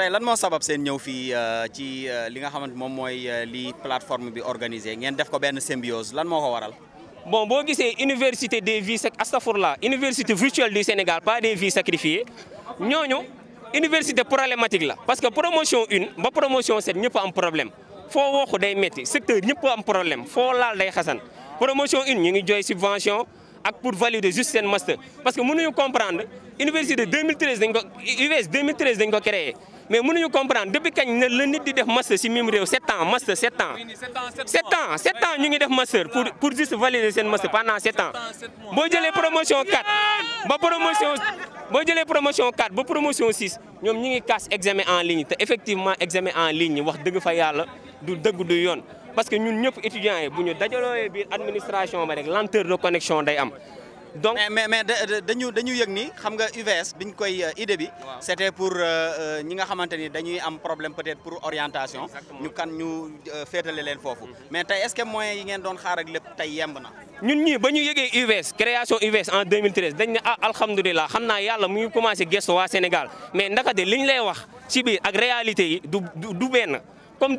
tey lan moo sabab sen ñew fi euh, ci euh, li nga mom moy euh, li plateforme bi organisé ngeen def ko ben symbiose lan moko waral. bon boo gisee université des vies sac astafurla université virtuelle du Sénégal pas des vies sacrifiées une université problématique la. parce que promotion 1, ba promotion sept pas am problème foo waxu day metti secteur pas am problème foo laal day xasan promotion 1, nous ngi une subvention. ak pour valider juste un master parce que mënuñu comprendre université 2013 l'US ko 2013 dañ ko créé mais mënuñu comprendre depuis que nous avons fait di def master si même 7 ans master 7 ans. 7 ans 7 ans ñu ngi def master pour pour juste valider seen master pendant 7 ans boo jëlee promotion 4 ba promotion boo jëlee promotion 4 ba promotion 6 nous avons fait casse examen en ligne effectivement examen en ligne c'est ce fa yàlla du parce que ñun les étudiants nous bu ñu l'administration, biir administration ba lenteur de connexion donc mais mais dañu dañu yëg ni xam nga UVS biñ koy euh, idée bi. c'était pour euh, euh, ñi nga xamante ni dañuy am problème peut-être pour orientation. ñu kan ñu féetale leen foofu. Mm-hmm. mais tey est-ce que moyens yi ngeen doon xaar ak lépp tey yemb na. ñu ñii ba ñu yëgee UVS création UVS en 2013 dañ ne ah alhamdulilah xam naa yàlla mu ñu commencé gëstu waa Sénégal mais ndaka de ñu lay wax ci biir ak réalité yi du du benn comme.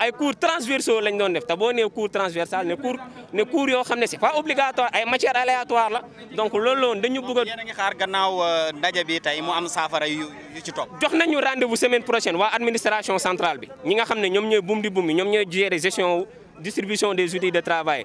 ay cours transversaux lañ doon def ta boo nee cours transversal ne cours ne cours yoo xam ne c'est pas obligatoire ay matière aléatoire la donc loolu loon dañu bëgg a. yéen a ngi xaar gannaaw euh, ndaje bi tey mu am saafara yu yu ci topp. jox nañu rendez-vous semaine prochaine waa administration centrale bi ñi nga xam ne ñoom ñooy bum di bum ñoom ñooy gérer gestion distribution des outils de travail.